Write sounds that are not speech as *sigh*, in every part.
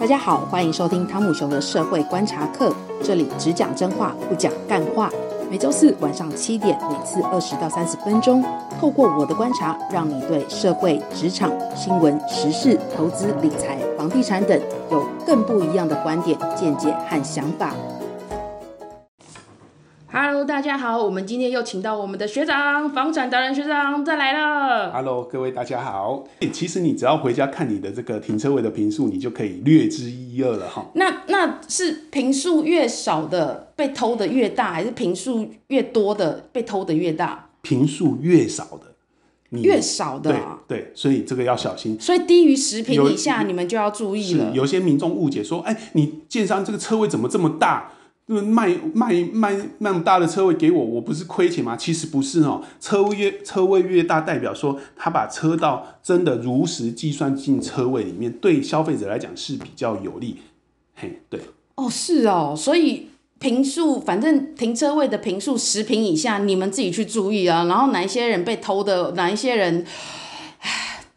大家好，歡迎收聽湯姆熊的社會觀察課。這裡只講真話，不講幹話。每週四晚上七點，每次二十到三十分鐘，透過我的觀察，讓你對社會、職場、新聞、時事、投資、理財、房地產等有更不一樣的觀點、見解和想法。大家好，我們今天又請到我們的學長，房產達人學長，再來了。Hello，各位大家好。其實你只要回家看你的這個停車位的坪數，你就可以略知一二了哈。那那是坪數越少的被偷的越大，還是坪數越多的被偷的越大？坪數越少的，越少的、啊。對對，所以這個要小心。所以低於十坪以下，你們就要注意了。有些民眾誤解說，哎、欸，你建商這個車位怎麼這麼大？那麼賣賣賣那麼大的車位給我，我不是虧錢嗎？其實不是哦、喔，車位越車位越大，代表說他把車道真的如實計算進車位裡面，對消費者來講是比較有利。嘿，對。哦，是哦，所以坪數，反正停車位的坪數十坪以下，你們自己去注意啊。然後哪一些人被偷的，哪一些人。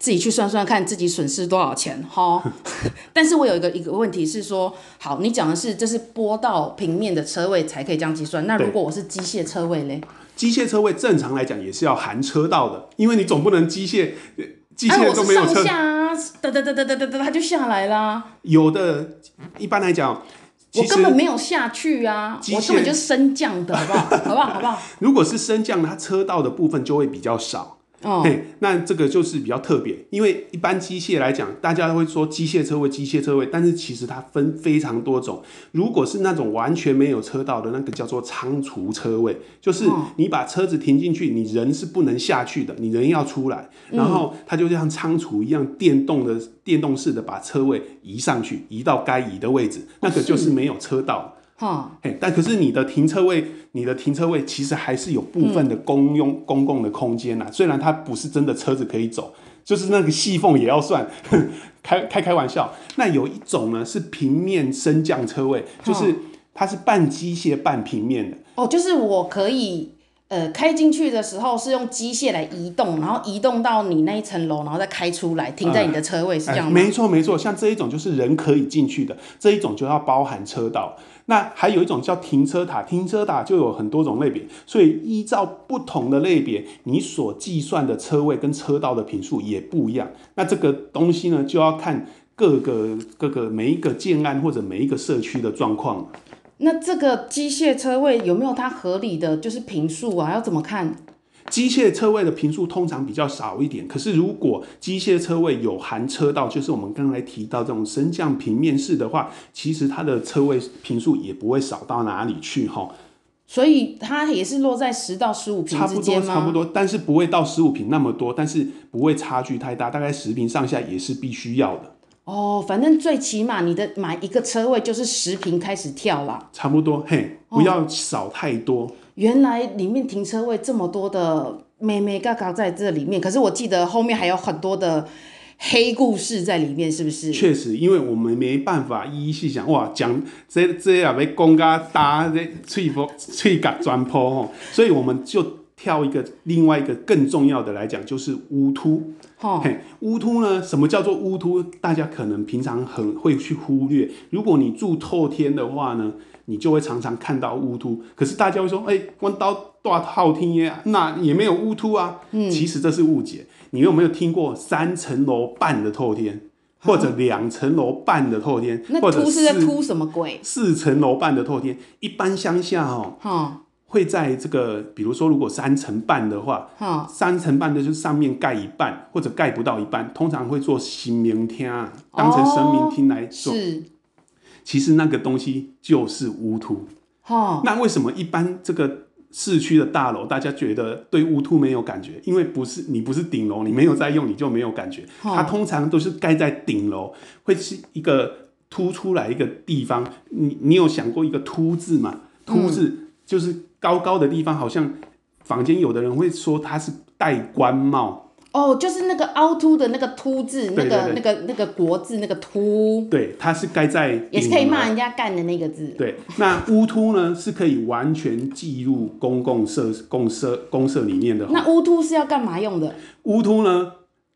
自己去算算看，自己損失多少錢齁。 *laughs* 但是我有一個一個問題，是說，好，你講的是這是坡道平面的車位才可以這樣計算。那如果我是機械車位嘞？機械車位正常來講也是要含車道的，因為你總不能機械，機械都沒有車啊。噠噠噠噠噠噠噠，它 *laughs* 就下來啦、啊。有的，一般來講，我根本沒有下去啊，我根本就升降的，好不好？好不好？好不好？ *laughs* 如果是升降，它車道的部分就會比較少。嘿，那這個就是比較特別，因為一般機械來講，大家都會說機械車位、機械車位，但是其實它分非常多種。如果是那種完全沒有車道的那個，叫做倉儲車位，就是你把車子停進去，你人是不能下去的，你人要出來，然後它就像倉儲一樣，電動的、電動式的把車位移上去，移到該移的位置，那個就是沒有車道。哦哦，哎，但可是你的停車位，你的停車位其實還是有部分的公用、嗯、公共的空間呐、啊。雖然它不是真的車子可以走，就是那個細縫也要算。開開開玩笑，那有一種呢是平面升降車位，就是它是半機械半平面的。哦，就是我可以呃開進去的時候是用機械來移動，然後移動到你那一層樓，然後再開出來停在你的車位，是這樣嗎？呃呃、沒錯沒錯，像這一種就是人可以進去的、嗯、這一種就要包含車道。那還有一種叫停車塔，停車塔就有很多種類別，所以依照不同的類別，你所計算的車位跟車道的坪數也不一樣。那這個東西呢，就要看各個各個每一個建案或者每一個社區的狀況。那這個機械車位有沒有它合理的就是坪數啊？要怎麼看？機械車位的坪數通常比較少一點，可是如果機械車位有含車道，就是我們剛才提到這種升降平面式的話，其實它的車位坪數也不會少到哪裡去哈。所以它也是落在十到十五坪之間嗎？差不多，差不多，但是不會到十五坪那麼多，但是不會差距太大，大概十坪上下也是必須要的。哦，反正最起碼你的買一個車位就是十坪開始跳了，差不多嘿，不要少太多，哦。原來裡面停車位這麼多的妹妹嘎嘎在這裡面，可是我記得後面還有很多的黑故事在裡面，是不是？確實，因為我們沒辦法一一細想。哇，講這這也要公家大家吹風吹嘎磚坡哦， *laughs* 所以我們就。跳一個，另外一個更重要的來講就是屋突。哦。屋突呢？什麼叫做屋突？大家可能平常很會去忽略。如果你住透天的話呢，你就會常常看到屋突。可是大家會說：“哎、欸，光到大透天耶，那也沒有屋突啊。”嗯。其實這是誤解。你有沒有聽過三層樓半的透天，嗯、或者兩層樓半的透天？嗯、那突是在突什麼鬼？四層樓半的透天，一般鄉下哦。會在這個，比如說，如果三層半的話，好三層半的就是上面蓋一半，或者蓋不到一半，通常會做神明廳啊，當成神明廳來做。Oh, 是其實那個東西就是屋突。好那為什麼一般這個市區的大樓，大家覺得對屋突沒有感覺？因為不是你不是頂樓，你沒有在用，你就沒有感覺。好它通常都是蓋在頂樓，會是一個凸出來一個地方。你你有想過一個凸字嗎？凸字就是、嗯。高高的地方好像房間，有的人會說他是戴官帽。哦，oh, 就是那個凹凸的那個凸字，那個那個那個國字那個凸。對，它是蓋在也是可以罵人家幹的那個字。對，那屋突呢，是可以完全計入公共設、公設、公設裡面的。 *laughs* 那屋突是要幹嘛用的？屋突呢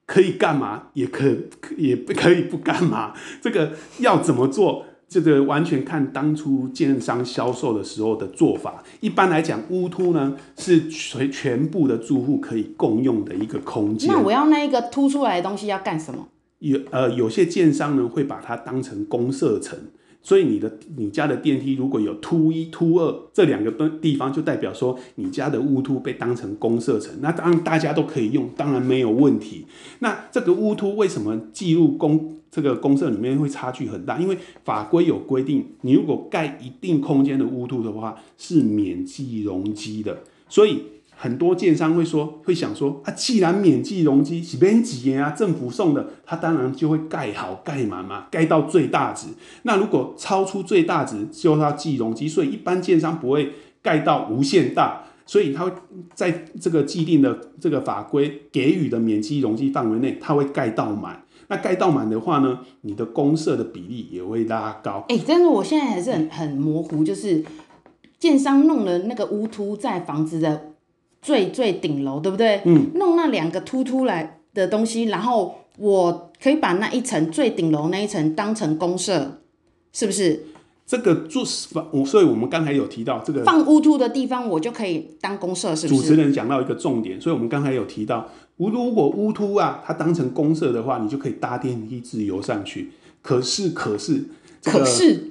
可以幹嘛，也可可也不可以不幹嘛，這個要怎麼做？這個完全看當初建商銷售的時候的做法。一般來講，屋突呢，是全全部的住戶可以共用的一個空間。那我要那個凸出來的東西要幹什麼？有呃，有些建商呢會把它當成公設層，所以你的你家的電梯如果有凸一、凸二這兩個地方，就代表說你家的屋突被當成公設層，那當然大家都可以用，當然沒有問題。那這個屋突為什麼計入公？這個公設裡面會差距很大，因為法規有規定，你如果蓋一定空間的屋突的話，是免計容積的。所以很多建商會說，會想說，啊，既然免計容積，是免錢啊，政府送的，他當然就會蓋好、蓋滿嘛，蓋到最大值。那如果超出最大值，就要計容積。所以一般建商不會蓋到無限大，所以它會在這個既定的這個法規給予的免計容積範圍內，它會蓋到滿。那蓋到滿的話呢，你的公設的比例也會拉高。哎、欸，但是我現在還是很很模糊，就是建商弄了那個屋突在房子的最最頂樓，對不對？嗯、弄那兩個凸凸來的東西，然後我可以把那一層最頂樓那一層當成公設，是不是？這個就是，所以我們剛才有提到這個放屋突的地方，我就可以當公設，是不是？主持人講到一個重點，所以我們剛才有提到，如果屋突啊，它當成公設的話，你就可以搭電梯自由上去。可是，可是，可是，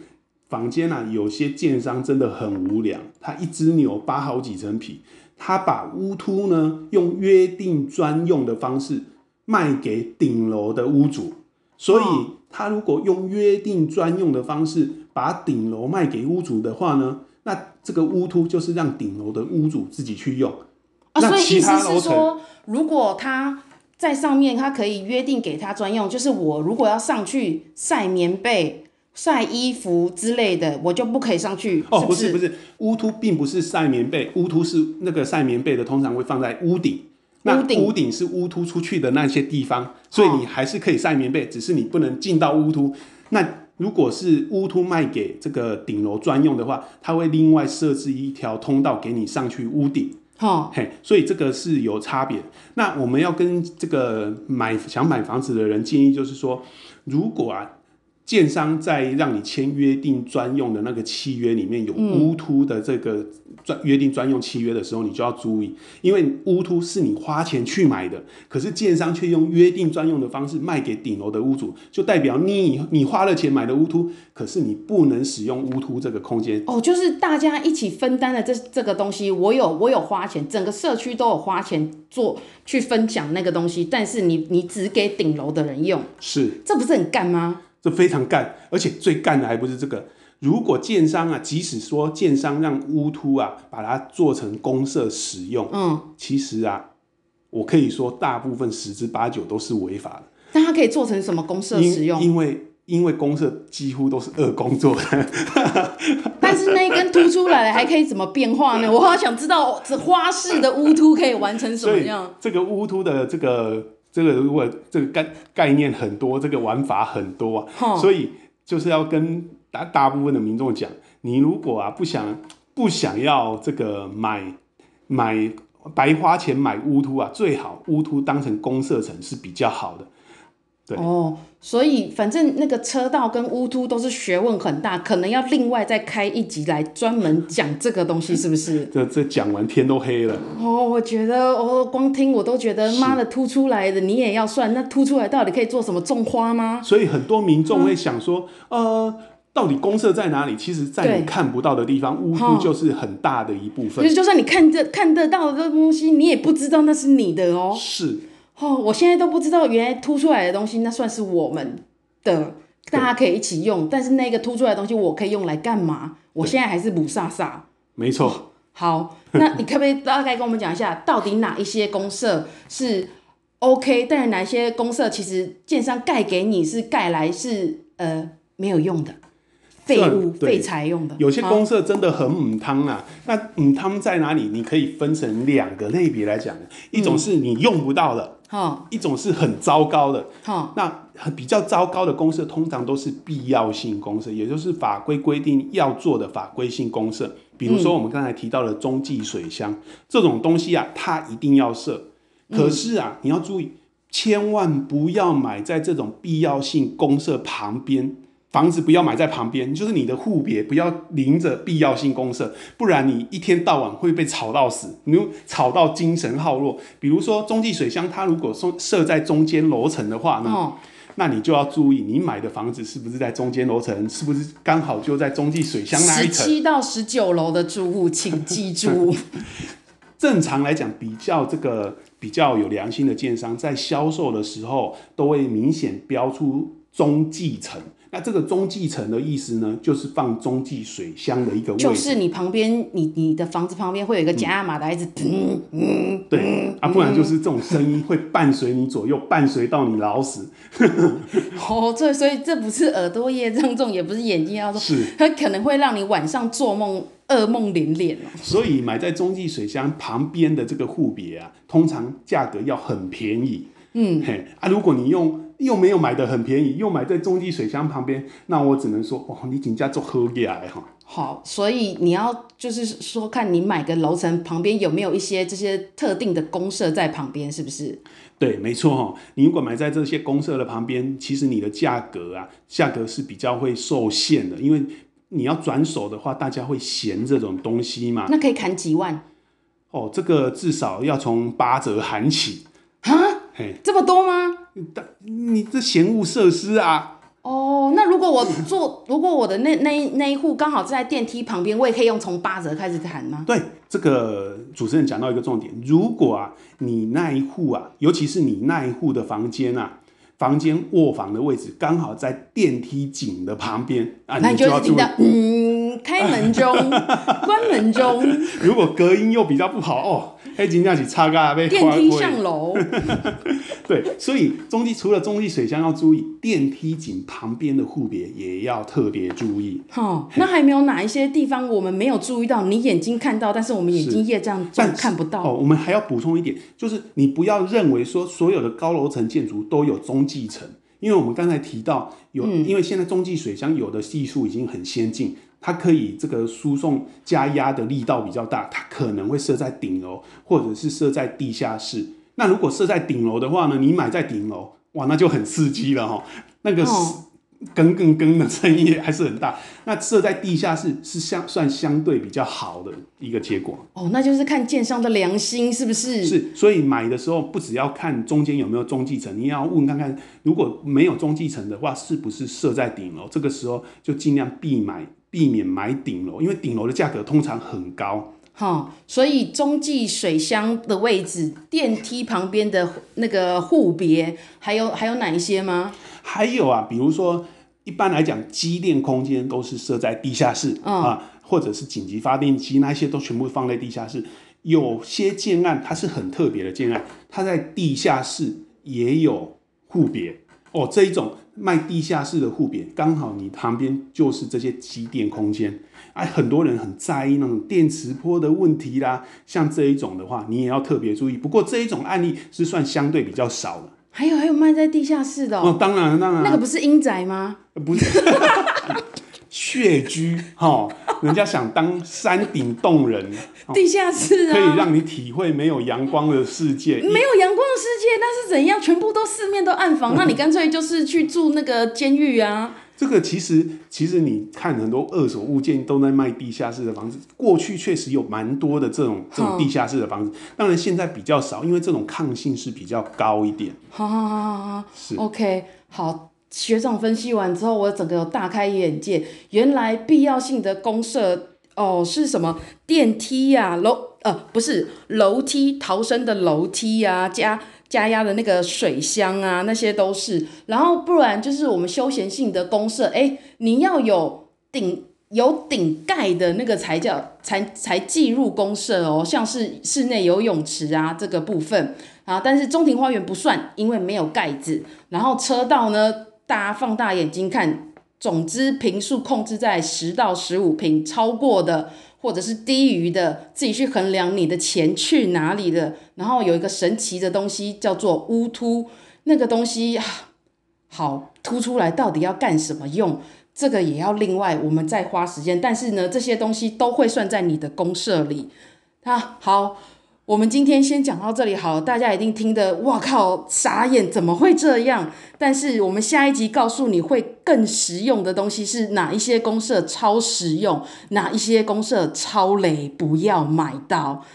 坊間啊，有些建商真的很無良，他一隻牛剝好幾層皮，他把屋突呢用約定專用的方式賣給頂樓的屋主，所以他如果用約定專用的方式。把頂樓賣給屋主的話呢，那這個屋突就是讓頂樓的屋主自己去用。啊，那他所以其實是說，如果他在上面，他可以約定給他專用。就是我如果要上去曬棉被、曬衣服之類的，我就不可以上去。是不是？哦，不是不是，屋突並不是曬棉被，屋突是那個曬棉被的，通常會放在屋頂。那屋頂是屋突出去的那些地方，所以你還是可以曬棉被，哦，只是你不能進到屋突。那如果是屋凸賣給這個頂樓專用的話，他會另外設置一條通道給你上去屋頂。好、嘿，所以這個是有差別。那我們要跟這個買想買房子的人建議就是說，如果啊。建商在讓你簽約定專用的那個契約裡面有屋突，嗯、的這個專約定專用契約的時候，你就要注意，因為屋突是你花錢去買的，可是建商卻用約定專用的方式賣給頂樓的屋主，就代表你你花了錢買的屋突，可是你不能使用屋突這個空間。哦，就是大家一起分擔的這這個東西，我有我有花錢，整個社區都有花錢做去分享那個東西，但是你你只給頂樓的人用，是這不是很幹嗎？這非常幹，而且最幹的還不是這個。如果建商啊，即使說建商讓屋突啊，把它做成公設使用，嗯，其實啊，我可以說大部分十之八九都是違法的。但它可以做成什麼公設使用？因，因為因為公設幾乎都是二工做的。 *laughs* 但是那一根凸出來了，還可以怎麼變化呢？我好想知道這花式的屋突可以完成什麼樣。這個屋突的這個。這個如果這個概概念很多，這個玩法很多啊，哦、所以就是要跟大大部分的民眾講，你如果啊不想不想要這個買買白花錢買屋突啊，最好屋突當成公設層是比較好的。哦，對 oh, 所以反正那個車道跟屋突都是學問很大，可能要另外再開一集來專門講這個東西，是不是？ *laughs* 這這講完天都黑了。哦，oh, 我覺得哦，oh, 光聽我都覺得媽的突出來的，是你也要算？那突出來到底可以做什麼？種花嗎？所以很多民眾會想說，嗯、呃，到底公設在哪裡？其實，在你看不到的地方，屋突對就是很大的一部分。其實，就算你看得看得到的東西，你也不知道那是你的哦、喔。是。哦，我現在都不知道原來凸出來的東西那算是我們的，大家可以一起用。對但是那個凸出來的東西我可以用來幹嘛？對我現在還是母薩薩沒錯。好，那你可不可以大概跟我們講一下， *laughs* 到底哪一些公社是 OK，但是哪些公社其實建商蓋給你是蓋來是呃沒有用的？廢物廢材用的，有些公設真的很母湯啊。哈那母湯在哪裡？你可以分成兩個類別來講。一種是你用不到的，嗯、一種是很糟糕的。哈那比較糟糕的公設，通常都是必要性公設，也就是法規規定要做的法規性公設。比如說我們剛才提到的中繼水箱、嗯、這種東西啊，它一定要設。可是啊，嗯、你要注意，千萬不要買在這種必要性公設旁邊。房子不要買在旁邊，就是你的戶別不要臨著必要性公設，不然你一天到晚會被吵到死，你吵到精神耗弱。比如說中繼水箱，它如果設在中間樓層的話呢，哦、那你就要注意，你買的房子是不是在中間樓層，是不是剛好就在中繼水箱那一層？十七到十九樓的住戶，請記住。 *laughs* 正常來講，比較這個比較有良心的建商在銷售的時候，都會明顯標出中繼層。那、啊、這個中繼層的意思呢，就是放中繼水箱的一個位置。就是你旁邊，你你的房子旁邊會有一個加壓馬達一直。對、嗯、啊，不然就是這種聲音會伴隨你左右， *laughs* 伴隨到你老死。哦 *laughs* ，oh, 對，所以這不是耳朵業障重也不是眼睛要說，是它可能會讓你晚上做夢，噩夢連連哦。所以買在中繼水箱旁邊的這個戶別啊，通常價格要很便宜。嗯嘿啊，如果你用又沒有買的很便宜，又買在中繼水箱旁邊，那我只能說，哇，你總價做合理哈，好，所以你要就是說，看你買個樓層旁邊有沒有一些這些特定的公設在旁邊，是不是？對，沒錯哈、哦。你如果買在這些公設的旁邊，其實你的價格啊，價格是比較會受限的，因為你要轉手的話，大家會嫌這種東西嘛。那可以砍幾萬？哦，這個至少要從八折喊起嘿這麼多嗎？你這嫌惡設施啊！哦，那如果我坐， *laughs* 如果我的那那一那一戶剛好在電梯旁邊，我也可以用從八折開始談嗎？對，這個主持人講到一個重點，如果啊，你那一戶啊，尤其是你那一戶的房間啊，房間臥房的位置剛好在電梯井的旁邊啊，那你，你就要注開門中， *laughs* 關門中。如果隔音又比較不好 *laughs* 哦，黑金那匙插嘎被。電梯上樓。 *laughs* 對，所以中繼除了中繼水箱要注意，電梯井旁邊的戶別也要特別注意。好、哦，那還沒有哪一些地方我們沒有注意到？你眼睛看到，但是我們眼睛也這樣看不到哦。我們還要補充一點，就是你不要認為說所有的高樓層建築都有中繼層，因為我們剛才提到有，嗯、因為現在中繼水箱有的技術已經很先進。它可以這個輸送加壓的力道比較大，它可能會設在頂樓，或者是設在地下室。那如果設在頂樓的話呢，你買在頂樓，哇，那就很刺激了哈，那個“更更更”的聲音還是很大。那設在地下室是相算相對比較好的一個結果。哦，那就是看建商的良心是不是？是，所以買的時候不只要看中間有沒有中繼層，你要問看看，如果沒有中繼層的話，是不是設在頂樓？這個時候就盡量避買。避免買頂樓，因為頂樓的價格通常很高。哈、哦，所以中繼水箱的位置，電梯旁邊的那個戶別，還有還有哪一些嗎？還有啊，比如說，一般來講，機電空間都是設在地下室，嗯、啊，或者是緊急發電機，那一些都全部放在地下室。有些建案它是很特別的建案，它在地下室也有戶別哦，這一種。賣地下室的戶別，剛好你旁邊就是這些機電空間，哎,很多人很在意那種電磁波的問題啦。像這一種的話，你也要特別注意。不過這一種案例是算相對比較少的。還有還有賣在地下室的哦，當然、哦、當然，當然那個不是陰宅嗎？呃、不是穴 *laughs* 居哈。哦人家想當山頂洞人， *laughs* 地下室，啊，可以讓你體會沒有陽光的世界。沒有陽光的世界，那一是怎樣？全部都四面都暗房，嗯、那你乾脆就是去住那個監獄啊！這個其實，其實你看很多二手物件都在賣地下室的房子。過去確實有蠻多的這種這種地下室的房子，嗯，當然現在比較少，因為這種抗性是比較高一點。好好好好好，是 OK 好。學長分析完之後，我整個大開眼界。原來必要性的公設哦是什麼？電梯呀、啊，樓呃不是樓梯逃生的樓梯呀、啊，加加壓的那個水箱啊，那些都是。然後不然就是我們休閒性的公設，哎，你要有頂有頂蓋的那個才叫才才計入公設哦，像是室內游泳池啊，這個部分啊，但是中庭花園不算，因為沒有蓋子。然後車道呢？大家放大眼睛看，總之坪數控制在十到十五坪，超過的或者是低於的，自己去衡量你的錢去哪裡了。然後有一個神奇的東西叫做屋突，那個東西、啊、好突出來，到底要幹什麼用？這個也要另外我們再花時間。但是呢，這些東西都會算在你的公設裡。那、啊、好。我們今天先講到這裡好，大家一定聽得哇靠傻眼，怎麼會這樣？但是我們下一集告訴你會更實用的東西是哪一些公設超實用，哪一些公設超雷不要買到，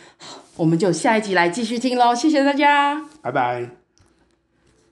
我們就下一集來繼續聽嘍，謝謝大家，拜拜。